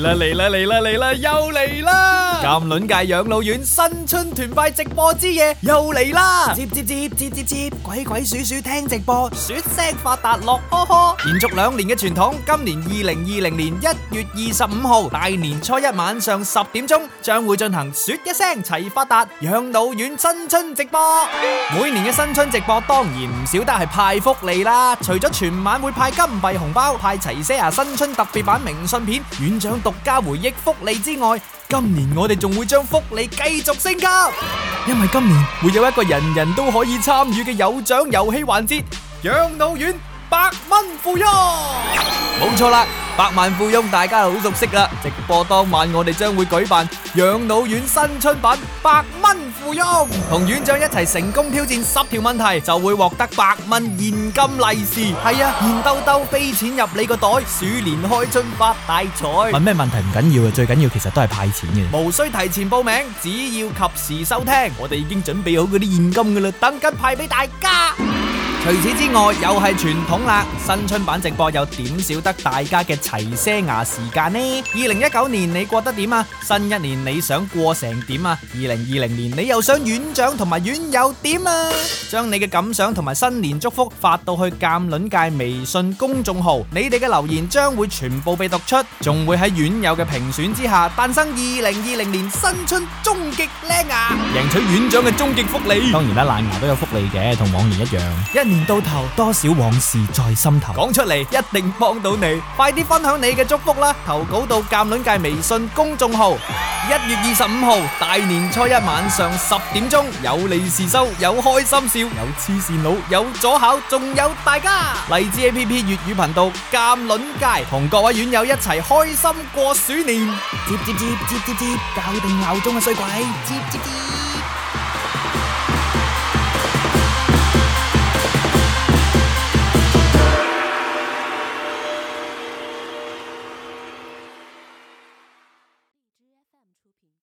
嚟啦嚟啦嚟啦嚟啦又嚟啦！尷卵尬養腦院新春團拜直播之夜又嚟啦！接接接接接接，接，接鬼鬼祟祟聽直播，鼠聲發達樂，呵呵！延續兩年嘅傳統，今年二零二零年一月二十五號大年初一晚上十點鐘，將會進行鼠一聲齊發達養腦院新春直播。Yeah! 每年嘅新春直播當然唔少得係派福利啦，除咗全晚會派金幣紅包、派齊些牙新春特別版明信片、院長獨加回憶福利之外，今年我哋仲會將福利繼續升級，因為今年會有一個人人都可以參與嘅有獎遊戲環節——養腦院百蚊富翁！冇錯啦。百萬富翁大家好熟悉啦！直播當晚我哋將會舉辦養腦院新春版百蚊富翁，同院長一齊成功挑戰十條問題，就會獲得百蚊現金利是。係啊，現兜兜飛錢入你個袋，鼠年開春發大財。問咩問題唔緊要嘅，最緊要其實都係派錢嘅。無需提前報名，只要及時收聽，我哋已經準備好嗰啲現金噶啦，等緊派俾大家。除此之外，又係傳統啦！新春版直播又點少得大家嘅齊些牙時間呢？二零一九年你過得點啊？新一年你想過成點啊？二零二零年你又想院長同埋院友點啊？將你嘅感想同埋新年祝福發到去尷卵尬微信公眾號，你哋嘅留言將會全部被讀出，仲會喺院友嘅評選之下誕生二零二零年新春終極靚牙，贏取院長嘅終極福利。當然啦，啊、爛牙都有福利嘅，同往年一樣。年到頭，多少往事在心頭。講出嚟，一定幫到你。快啲分享你嘅祝福啦！投稿到尷卵尬微信公眾號。一月二十五號大年初一晚上十點鐘，有利是收，有開心笑，有痴線佬，有左考，仲有大家。荔枝 A P P 粵語頻道尷卵尬，同各位院友一齊開心過鼠年。接接接接接接，教定鬧鐘嘅衰鬼。接接接。